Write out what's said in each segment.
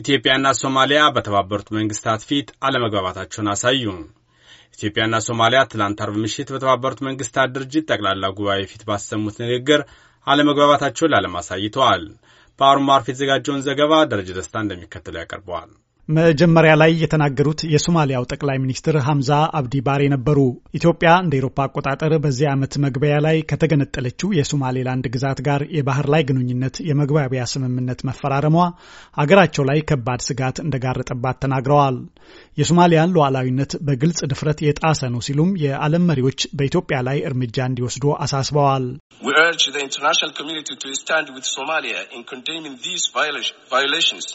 ኢትዮጵያና ሶማሊያ በተባበሩት መንግስታት ፊት አለመግባባታቸውን አሳዩ። ኢትዮጵያና ሶማሊያ ትላንት አርብ ምሽት በተባበሩት መንግስታት ድርጅት ጠቅላላ ጉባኤ ፊት ባሰሙት ንግግር አለመግባባታቸውን ላለማሳይተዋል። በአሩማርፍ የተዘጋጀውን ዘገባ ደረጀ ደስታ እንደሚከተለው ያቀርበዋል። መጀመሪያ ላይ የተናገሩት የሶማሊያው ጠቅላይ ሚኒስትር ሐምዛ አብዲ ባሬ ነበሩ። ኢትዮጵያ እንደ ኤሮፓ አቆጣጠር በዚህ ዓመት መግቢያ ላይ ከተገነጠለችው የሶማሌላንድ ግዛት ጋር የባህር ላይ ግንኙነት የመግባቢያ ስምምነት መፈራረሟ አገራቸው ላይ ከባድ ስጋት እንደጋረጠባት ተናግረዋል። የሶማሊያን ሉዓላዊነት በግልጽ ድፍረት የጣሰ ነው ሲሉም የዓለም መሪዎች በኢትዮጵያ ላይ እርምጃ እንዲወስዱ አሳስበዋል። ኢንተርናሽናል ኮሚኒቲ ስታንድ international ሶማሊያ ኢን stand with ቫዮሌሽንስ።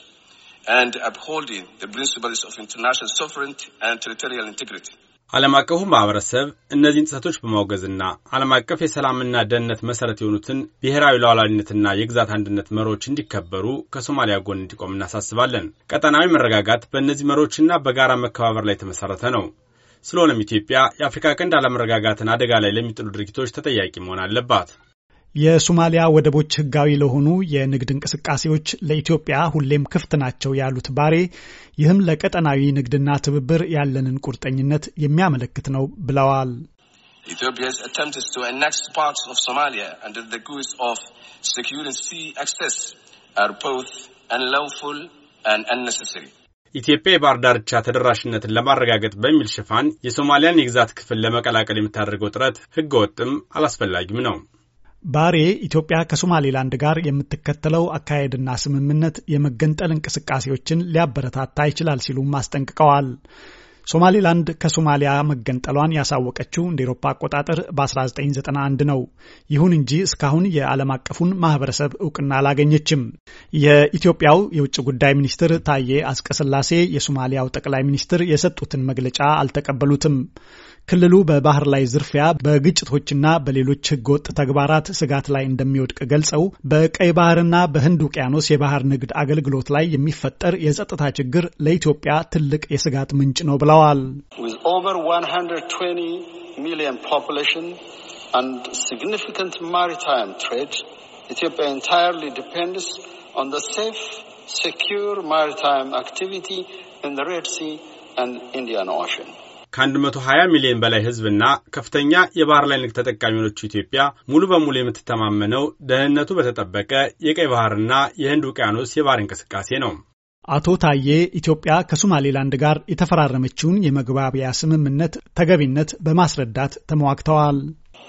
and upholding the principles of international sovereignty and territorial integrity. ዓለም አቀፉ ማህበረሰብ እነዚህን ጥሰቶች በማውገዝና ዓለም አቀፍ የሰላምና ደህንነት መሠረት የሆኑትን ብሔራዊ ሉዓላዊነትና የግዛት አንድነት መሮች እንዲከበሩ ከሶማሊያ ጎን እንዲቆም እናሳስባለን። ቀጠናዊ መረጋጋት በእነዚህ መሮችና በጋራ መከባበር ላይ የተመሠረተ ነው። ስለሆነም ኢትዮጵያ የአፍሪካ ቀንድ አለመረጋጋትን አደጋ ላይ ለሚጥሉ ድርጊቶች ተጠያቂ መሆን አለባት። የሶማሊያ ወደቦች ህጋዊ ለሆኑ የንግድ እንቅስቃሴዎች ለኢትዮጵያ ሁሌም ክፍት ናቸው ያሉት ባሬ ይህም ለቀጠናዊ ንግድና ትብብር ያለንን ቁርጠኝነት የሚያመለክት ነው ብለዋል። Ethiopia's attempt to annex parts of Somalia under the guise of securing sea access are both unlawful and unnecessary. ኢትዮጵያ የባህር ዳርቻ ተደራሽነትን ለማረጋገጥ በሚል ሽፋን የሶማሊያን የግዛት ክፍል ለመቀላቀል የምታደርገው ጥረት ህገወጥም አላስፈላጊም ነው። ባሬ ኢትዮጵያ ከሶማሌላንድ ጋር የምትከተለው አካሄድና ስምምነት የመገንጠል እንቅስቃሴዎችን ሊያበረታታ ይችላል ሲሉም አስጠንቅቀዋል። ሶማሌላንድ ከሶማሊያ መገንጠሏን ያሳወቀችው እንደ ኤሮፓ አቆጣጠር በ1991 ነው። ይሁን እንጂ እስካሁን የዓለም አቀፉን ማህበረሰብ እውቅና አላገኘችም። የኢትዮጵያው የውጭ ጉዳይ ሚኒስትር ታዬ አስቀስላሴ የሶማሊያው ጠቅላይ ሚኒስትር የሰጡትን መግለጫ አልተቀበሉትም። ክልሉ በባህር ላይ ዝርፊያ፣ በግጭቶችና በሌሎች ህገወጥ ተግባራት ስጋት ላይ እንደሚወድቅ ገልጸው በቀይ ባህርና በህንድ ውቅያኖስ የባህር ንግድ አገልግሎት ላይ የሚፈጠር የጸጥታ ችግር ለኢትዮጵያ ትልቅ የስጋት ምንጭ ነው ብለዋል። secure ማሪታይም አክቲቪቲ ኢን the Red Sea and Indian Ocean. ከ120 ሚሊዮን በላይ ሕዝብና ከፍተኛ የባህር ላይ ንግድ ተጠቃሚዎቹ ኢትዮጵያ ሙሉ በሙሉ የምትተማመነው ደህንነቱ በተጠበቀ የቀይ ባህርና የህንድ ውቅያኖስ የባህር እንቅስቃሴ ነው። አቶ ታዬ ኢትዮጵያ ከሶማሌላንድ ጋር የተፈራረመችውን የመግባቢያ ስምምነት ተገቢነት በማስረዳት ተሟግተዋል።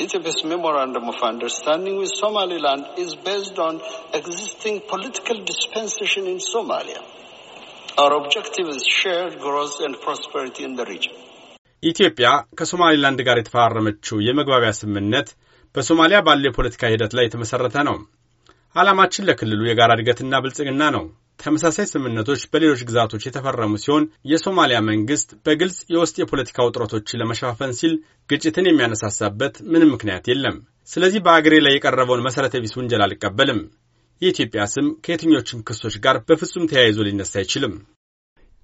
ኢትዮጵያስ ሜሞራንደም ኦፍ አንደርስታንዲንግ ዊዝ ሶማሌላንድ ኢዝ ቤዝድ ኦን ኤግዚስቲንግ ፖለቲካል ዲስፔንሴሽን ኢን ሶማሊያ ኦብጀክቲቭ ኢዝ ሼርድ ግሮዝ ኤንድ ፕሮስፐሪቲ ኢን ዘ ሪጅን ኢትዮጵያ ከሶማሌላንድ ጋር የተፈራረመችው የመግባቢያ ስምምነት በሶማሊያ ባለው የፖለቲካ ሂደት ላይ የተመሠረተ ነው። ዓላማችን ለክልሉ የጋራ እድገትና ብልጽግና ነው። ተመሳሳይ ስምምነቶች በሌሎች ግዛቶች የተፈረሙ ሲሆን የሶማሊያ መንግስት በግልጽ የውስጥ የፖለቲካ ውጥረቶችን ለመሸፋፈን ሲል ግጭትን የሚያነሳሳበት ምንም ምክንያት የለም። ስለዚህ በአገሬ ላይ የቀረበውን መሠረተ ቢስ ውንጀል አልቀበልም። የኢትዮጵያ ስም ከየትኞችም ክሶች ጋር በፍጹም ተያይዞ ሊነሳ አይችልም።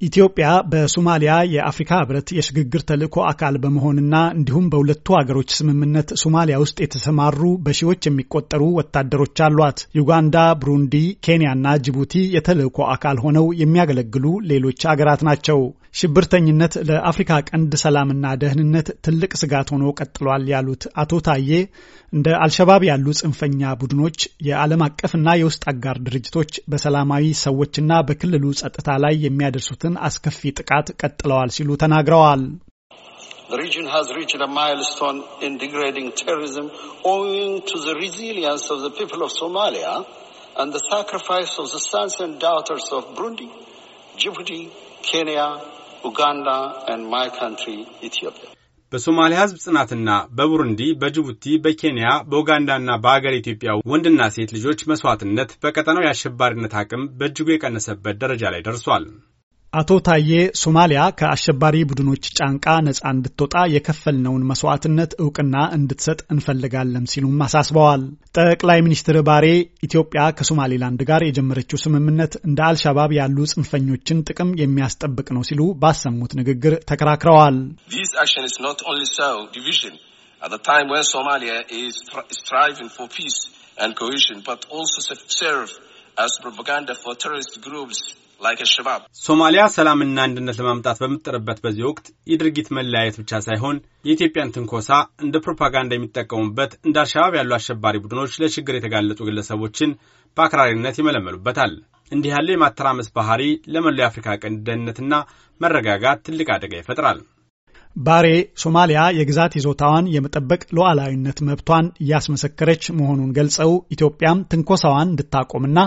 ኢትዮጵያ በሶማሊያ የአፍሪካ ህብረት የሽግግር ተልእኮ አካል በመሆንና እንዲሁም በሁለቱ ሀገሮች ስምምነት ሶማሊያ ውስጥ የተሰማሩ በሺዎች የሚቆጠሩ ወታደሮች አሏት። ዩጋንዳ፣ ብሩንዲ፣ ኬንያና ጅቡቲ የተልእኮ አካል ሆነው የሚያገለግሉ ሌሎች ሀገራት ናቸው። ሽብርተኝነት ለአፍሪካ ቀንድ ሰላምና ደህንነት ትልቅ ስጋት ሆኖ ቀጥሏል ያሉት አቶ ታዬ እንደ አልሸባብ ያሉ ጽንፈኛ ቡድኖች የዓለም አቀፍና የውስጥ አጋር ድርጅቶች በሰላማዊ ሰዎችና በክልሉ ጸጥታ ላይ የሚያደርሱትን አስከፊ ጥቃት ቀጥለዋል ሲሉ ተናግረዋል። The region has reached a milestone in degrading terrorism owing to the resilience of the people of Somalia and the sacrifice of the sons and daughters of Burundi, Djibouti, Kenya, ኡጋንዳ ኤንድ ማይ ካንትሪ ኢትዮጵያ። በሶማሊያ ህዝብ ጽናትና በቡሩንዲ፣ በጅቡቲ፣ በኬንያ፣ በኡጋንዳና በሀገር ኢትዮጵያ ወንድና ሴት ልጆች መስዋዕትነት በቀጠናው የአሸባሪነት አቅም በእጅጉ የቀነሰበት ደረጃ ላይ ደርሷል። አቶ ታዬ ሶማሊያ ከአሸባሪ ቡድኖች ጫንቃ ነፃ እንድትወጣ የከፈልነውን መስዋዕትነት እውቅና እንድትሰጥ እንፈልጋለን ሲሉም አሳስበዋል። ጠቅላይ ሚኒስትር ባሬ ኢትዮጵያ ከሶማሌላንድ ጋር የጀመረችው ስምምነት እንደ አልሻባብ ያሉ ጽንፈኞችን ጥቅም የሚያስጠብቅ ነው ሲሉ ባሰሙት ንግግር ተከራክረዋል። ሶማሊያ ሶማሊያ ሰላምና አንድነት ለማምጣት በምትጥርበት በዚህ ወቅት የድርጊት መለያየት ብቻ ሳይሆን የኢትዮጵያን ትንኮሳ እንደ ፕሮፓጋንዳ የሚጠቀሙበት እንደ አልሸባብ ያሉ አሸባሪ ቡድኖች ለችግር የተጋለጡ ግለሰቦችን በአክራሪነት ይመለመሉበታል። እንዲህ ያለ የማተራመስ ባህሪ ለመላው የአፍሪካ ቀንድ ደህንነትና መረጋጋት ትልቅ አደጋ ይፈጥራል። ባሬ ሶማሊያ የግዛት ይዞታዋን የመጠበቅ ሉዓላዊነት መብቷን እያስመሰከረች መሆኑን ገልጸው ኢትዮጵያም ትንኮሳዋን እንድታቆምና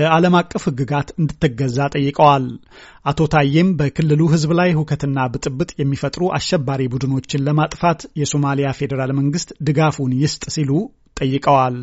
ለዓለም አቀፍ ሕግጋት እንድትገዛ ጠይቀዋል። አቶ ታዬም በክልሉ ሕዝብ ላይ ሁከትና ብጥብጥ የሚፈጥሩ አሸባሪ ቡድኖችን ለማጥፋት የሶማሊያ ፌዴራል መንግስት ድጋፉን ይስጥ ሲሉ ጠይቀዋል።